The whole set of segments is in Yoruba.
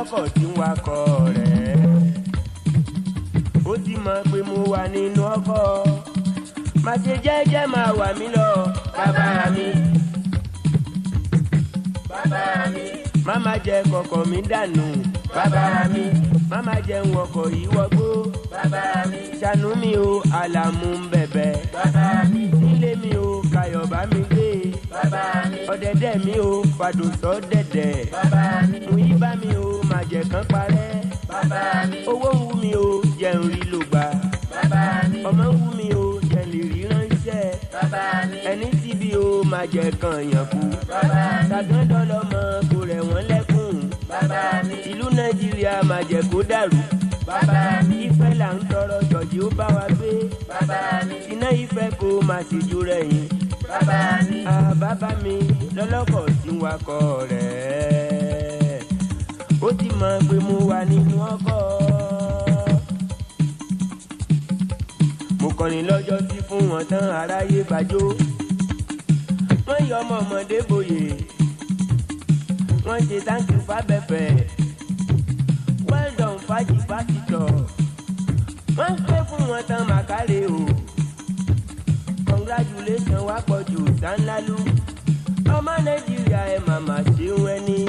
ọkọ̀ tí ń wakọ̀ rẹ̀. ó ti mọ pé mo wà nínú ọkọ̀ má ṣe jẹ́jẹ́ máa wà mí lọ bàbá mi. bàbá mi. máma jẹ kọkọ mi dànù. bàbá mi. máma jẹ ń wọkọ yìí wọgbó. bàbá mi. ṣàánú mi o àlàmù ń bẹ̀bẹ̀. bàbá mi. nílé mi o kàyọ̀bá mi gbé. bàbá mi. ọ̀dẹ̀dẹ̀ mi o fàdùsọ̀ dẹ̀dẹ̀. bàbá mi. mo yí bá mi o. ẹ̀jẹ̀ kan parẹ́. bàbá mi. owó ń wú mi o jẹ́ rí ló gbà. bàbá mi. ọmọ wú mi o jẹ́ lè rí ránṣẹ́. bàbá mi. ẹni tí o máa jẹ kan yàn kú. bàbá mi. tàgádọ́ lọ́mọ kò rẹ̀ wọ́n lẹ́kùn. bàbá mi. ìlú nàìjíríà máa jẹ kó dàrú. bàbá mi. ìfẹ́ là ń tọrọ jọ̀jì ó bá wa gbé. bàbá mi. iná ìfẹ́ kó máa ṣe jù rẹ̀ yìí. bàbá mi. àbábá mi lọ́lọ́kọ̀ tí wakọ̀ rẹ̀ ó ti mọ̀ pé mo wà nínú ọkọ̀. mo kọrin lọ́jọ́ sí fún wọn tán aráyé gbàjọ́ wọ́n yọ ọmọ ọmọdé boyè wọ́n ṣe táǹkì fábẹ́fẹ́ well done fájì pásítọ̀ wọ́n pé fún wọn tán màkàlè o congratulations wá pọ̀ jù sanlalu ọmọ nàìjíríà ẹ̀ màmá ṣeun ẹni.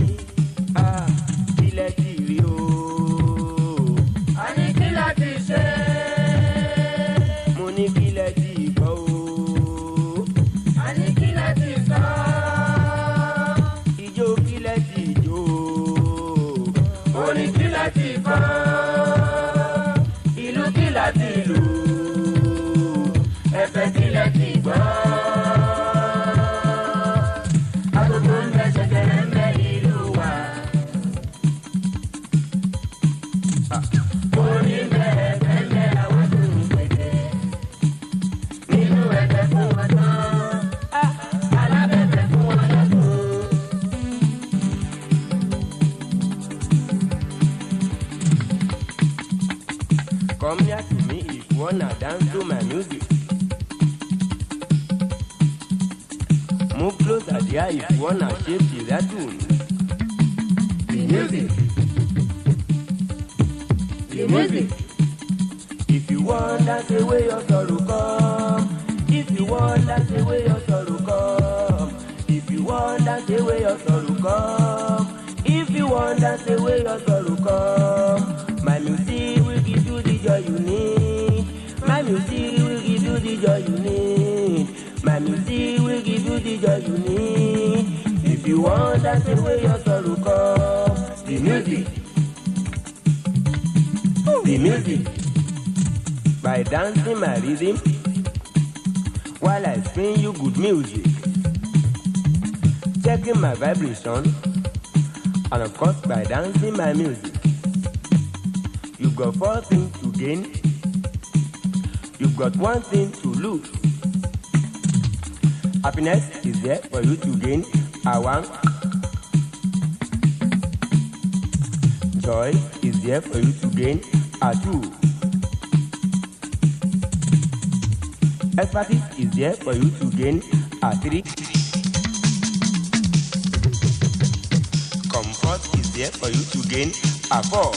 music. The music. If you want, that's the way your sorrow come. If you want, that's the way your sorrow come. If you want, that's the way your sorrow come. If you want, that's the way your sorrow come. My music will give you the joy you need. My music will give you the joy you need. My music will give you the joy you need. If you want, that's the way your sorrow come. The music. The music. By dancing my rhythm while I spin you good music. Checking my vibration and of course by dancing my music. You've got four things to gain. You've got one thing to lose. Happiness is there for you to gain. I want Joy is there for you to gain at you. Expertise is there for you to gain at three. Comfort is there for you to gain at four.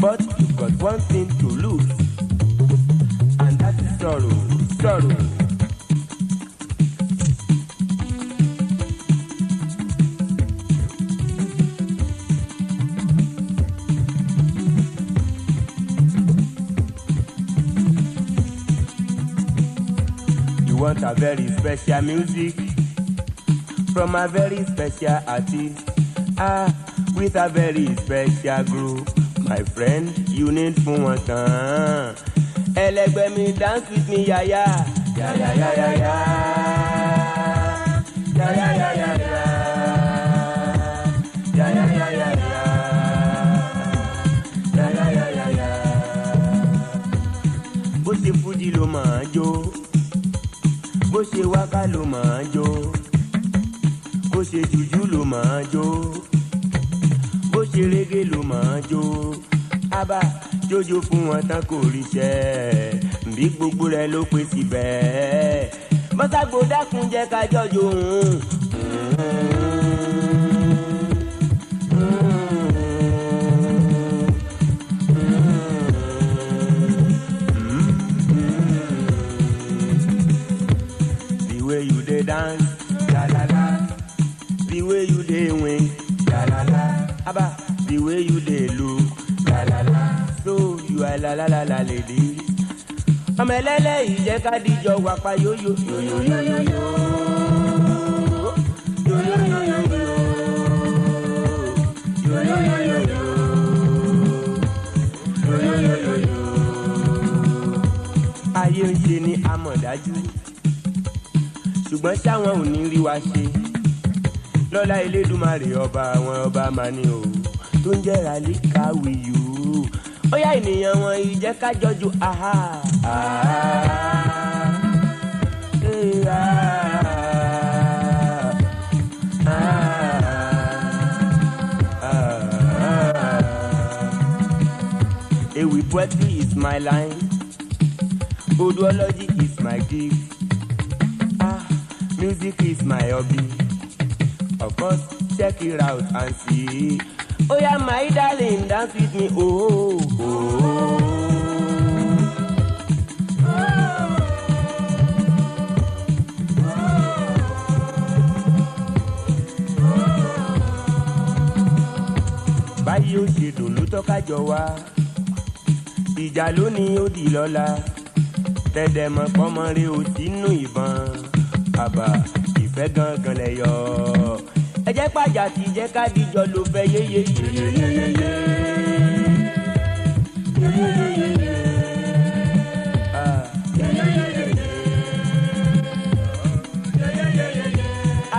But you've got one thing to lose, and that is sorrow. Sorrow. got a very special music from a very special artist. Ah, with a very special group. My friend, you need fún wọn tán. Ẹlẹgbẹ́ mi dance with me ya ya, ya ya. ya ya, ya. ya ya ya. Yaya yaya ya. Bó ṣe fújì ló máa jó bó ṣe wáká ló máa jó bó ṣe jùjú ló máa jó bó ṣe rege ló máa jó abá jójó fún wọn tán kò ríṣẹ́ bí gbogbo rẹ ló pè síbẹ̀ mọ́ságbó dákun jẹ́ ká jọjọ way you dey look. La la la. So you are ah, la la la la lady. Ọmọ ẹlẹ́lẹ́ ìjẹ́ ká díjọ wà pa yóyó. Yóyóyóyóyó. Yóyóyóyóyó. Yóyóyóyóyó. Yóyóyóyóyó. Ayé ń ṣe ni a mọ̀ dájú. Ṣùgbọ́n ṣáwọn ò ní rí wa ṣe. Lọ́lá Elédùmarè ọba àwọn ọba máa ní òun tó ń jẹ́ rali káwí yòó ó yá ènìyàn wọn ìjẹ́ ká jọjú aha. Ewì poetry is my line, oduology is my gift, ah, music is my hobby, of course check it out and see. Oh yeah, my darling, dance with me. Oh, oh. báyìí ó ṣe dùn ló tọ́ka jọ wá ìjà lónìí ó di lọ́la tẹ̀dẹ̀ mọ̀ pọ́nmọ́rẹ́ ò sínú ìbọn àbá ìfẹ́ gangan lẹ̀ yọ ẹ jẹ́ pàjà tí jẹ́ ká dìjọ ló fẹ́ yéyé.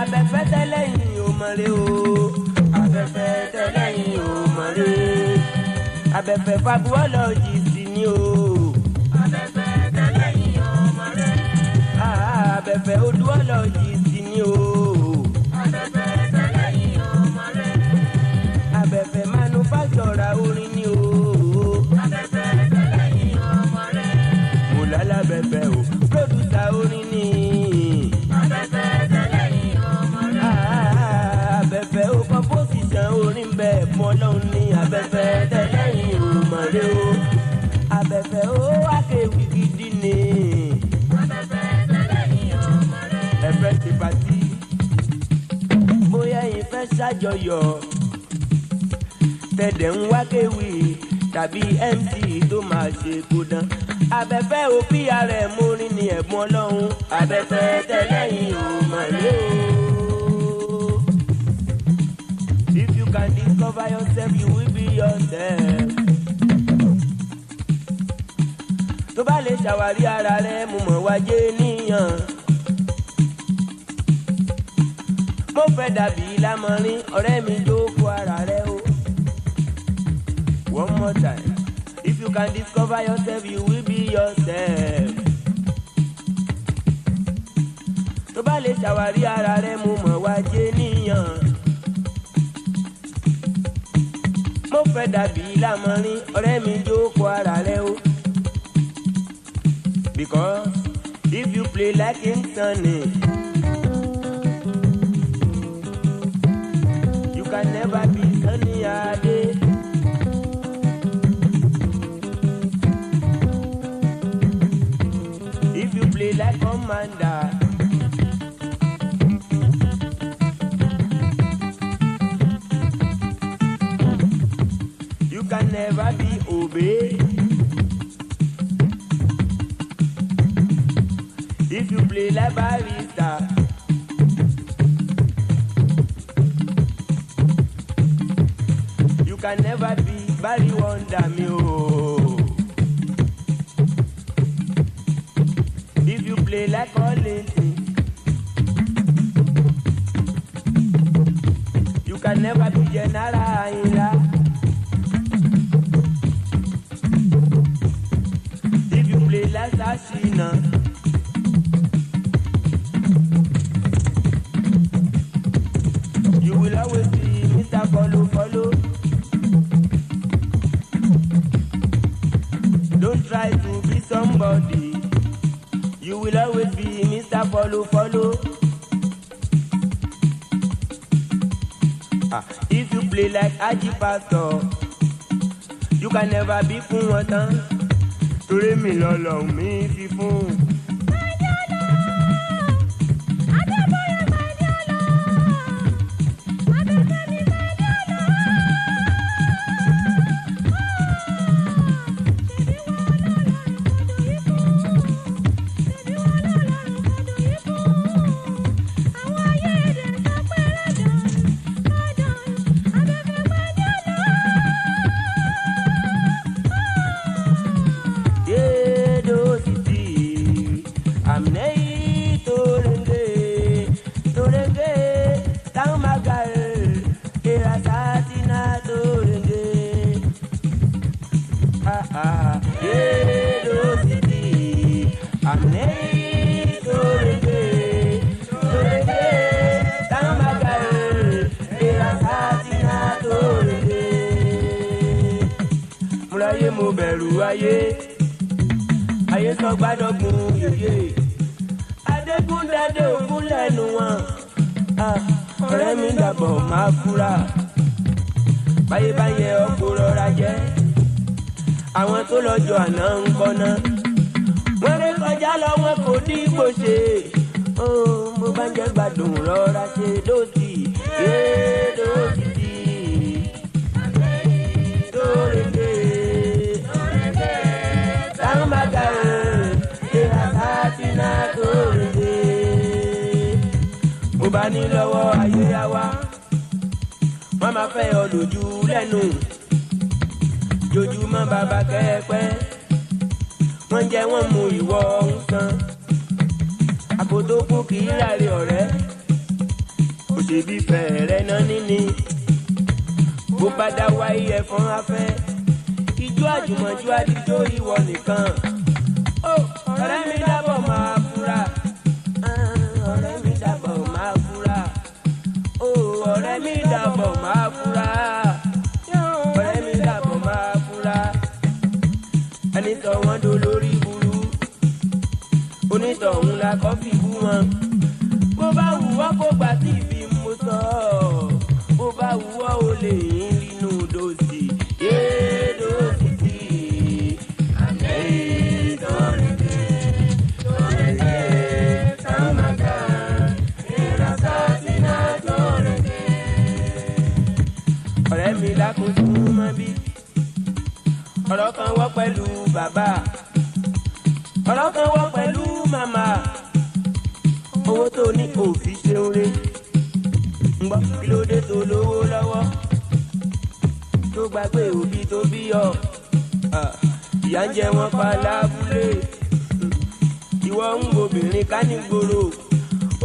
afẹ́fẹ́ tẹ́lẹ̀ yìí ò mọ̀rẹ́ o. afẹ́fẹ́ tẹ́lẹ̀ yìí ò mọ̀rẹ́. abẹ́fẹ́ fabuọ́lọ́jì sí ni o. afẹ́fẹ́ tẹ́lẹ̀ yìí ò mọ̀rẹ́. Ah, ah, abẹ́fẹ́ odúọ́lọ́jì. lájọyọ̀ tẹ̀dẹ̀ ń wá kéwì tàbí mc tó máa ṣe kódán abẹ́fẹ́ o prm orin ni ẹ̀bùn ọlọ́run abẹ́fẹ́ tẹ́lẹ̀yìn ò mọ̀lẹ́ o. if you can discover yourself you will be yourself. tó bá lè ṣàwárí ara rẹ mo mọ̀ wájé níyàn. bó fẹ́ dàbí lámọrin ọ̀rẹ́ mi jókòó ara rẹ o. one more time if you can discover yourself you will be yourself. tó bá lè ṣàwárí ara rẹ mo mọ̀ wá jẹ́ níyàn. mo fẹ́ dàbí lámọrin ọ̀rẹ́ mi jókòó ara rẹ o. because if you play like him sunny. can never be sunnier day. If you play like commander. You can never be obeyed. If you play like Barry can never be Bali wonder me oh. If you play like Olente, you can never be General Ila. If you play like Sashina. body. You will always be Mr. Follow Follow. Ah, if you play like Aji Pastor, you can never be fún wọn tán. Torí mi lọ́lọ́ mi fi fún lù ayé ayé sọ gbádọ́gun yìí adégún dáadé ògún lẹ́nu wọn ah, ọ̀rẹ́ mi dàbọ̀ máa fura báyé báyé ọkọ̀ rọra jẹ́ àwọn tó lọ́jọ́ àná ń kọ́ná wọ́n rí kọjá lọ wọn kò ní kò ṣe oh, mo bá ń jẹ́ gbádùn rọra ṣe dóòtì yé dóòtì. bá ní lọ́wọ́ ayé yá wá wọ́n máa fẹ́ ọ lójú lẹ́nu jojúmọ́ bàbá kẹ́ẹ̀pẹ́ wọ́n jẹ́ wọ́n mú ìwọ ń san àpò tó kú kì í ráre ọ̀rẹ́ òṣèbí fẹ̀rẹ̀ náà níní bó bá dá wáyé ẹ̀fọn afẹ́ ijó àjùmọ̀jó adigun ìwọ nìkan. ra kọfí fún wọn. bó bá wù wọ́ kó gbà sí ibi mo sọ ọ́ bó bá wù wọ́ o lè yín nínú dòsì. ọ̀rẹ́ mi lákòóso mọ́ bí ọ̀rọ̀ kan wọ́ pẹ̀lú bàbá. kò fi ṣe oore ń gbọ́ kí ló dé tó lówó lọ́wọ́ tó gbàgbé òbí tó bí ọ ìyá ń jẹ wọn pa lábúlé ìwọ ń obìnrin ká ní gbòòrò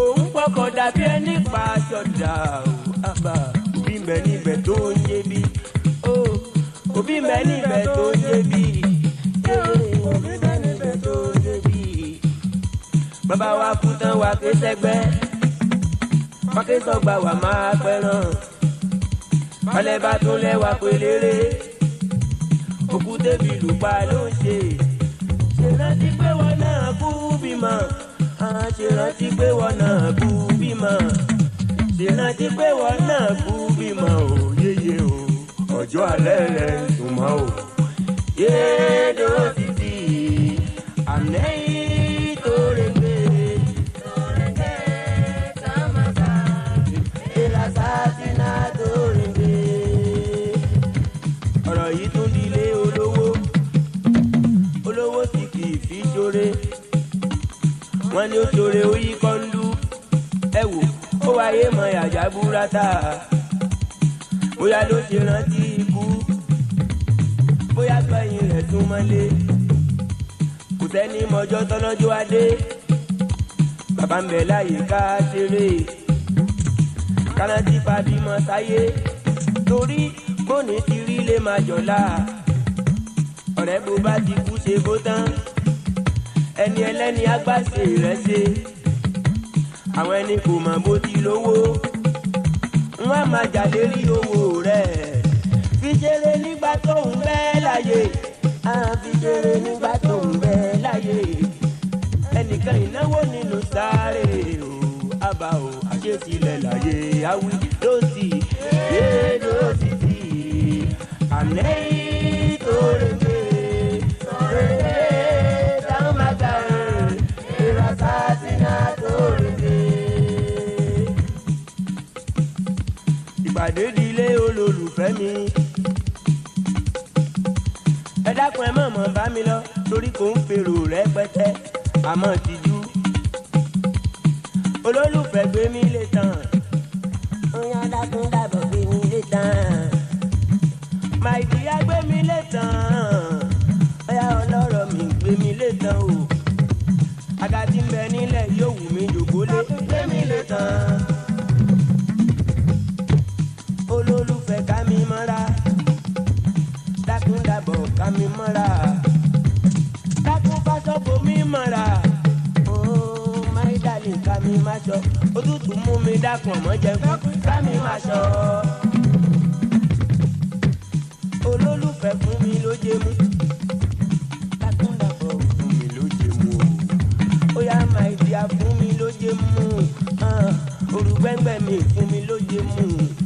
òun pọkọ dàbí ẹni pa aṣọ dà ábà òbí mẹ níbẹ̀ tó ń yé bí òbí mẹ níbẹ̀ tó ń yé bí òbí mẹ níbẹ̀ tó ń yé bí bàbá wa kú tán wa ké sẹ́gbẹ́ kọ́tẹ́sọ̀gbà wà máa pẹ́ràn balẹ̀ bá tún lẹ́wà pélére òkúté bí lùpa ló ń ṣe ṣe rántí pé wọn náà kú bímọ ṣe rántí pé wọn náà kú bímọ ṣe rántí pé wọn náà kú bímọ ò yéye o ọjọ́ alẹ́ rẹ̀ sùnmọ́ o yéèdò. lóde òtòrè oyin kọ́ńdú ẹ wò ó wáyé mọ àjà búrátà bóyá ló ti rántí ikú bóyá gbẹ̀yìn rẹ̀ tún mọ́lé kò tẹ́ni mọ́jọ́ tọ́lọ́jọ́ adé bàbá ń bẹ̀ láyé ká ṣeré kárántí fàbímọ sáyé torí bóni ti rí lè máa ọ̀rẹ́ bó bá ti kú ṣe bó tán ẹni ẹlẹ́ni agbáṣe rẹ̀ ṣe àwọn ẹni kò mọ̀ bó ti lówó wọ́n á máa jà lérí owó rẹ̀ fi ṣeré nígbà tó ń bẹ láyé á fi ṣeré nígbà tó ń bẹ láyé ẹnìkan ìnáwó nínú sáré o àbá o àṣetilẹ̀ láyé awí ló sì yé ló sì tì ànẹ́yìn tó rẹ̀ jọ. àdédìlé olólùfẹ́ mi. ẹ dákun ẹ mọ̀mọ́ bá mi lọ torí kò ń pèrò rẹpẹtẹ àmọ́ tìjú. olólùfẹ́ gbé mi lè tàn. ó yàn dákun dàbọ̀ gbé mi lè tàn. màìdíyà gbé mi lè tàn. ọ̀yà ọlọ́rọ̀ mi gbé mi lè tàn o. àga ń bẹ nílẹ̀ yóò wù mí jòkó lé. gbé mi lè tàn. ká mi mọ́ra. Dákun bá mi mọ́ra. Ooo máì dàlí ká mi má sọ. Òtútù mi dákun ọmọ jẹ fún ká mi má mi ló jẹ mú. Dákun mi ló jẹ mú. Ó mi ló jẹ mú. Ah, olùgbẹ́ngbẹ́ mi fún